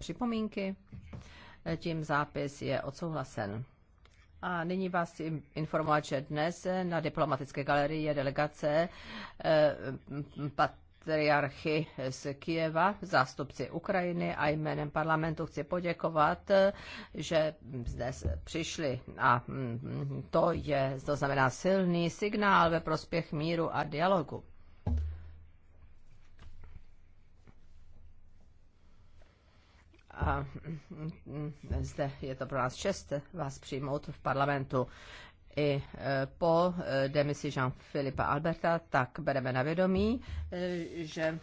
připomínky. Tím zápis je odsouhlasen. A nyní vás chci informovat, že dnes na diplomatické galerii je delegace eh, patriarchy z Kijeva, zástupci Ukrajiny a jménem parlamentu chci poděkovat, že dnes přišli. A mm, to, je, to znamená silný signál ve prospěch míru a dialogu. a mm, zde je to pro nás čest vás přijmout v parlamentu. I e, po e, demisi Jean-Philippe Alberta tak bereme na vědomí, e, že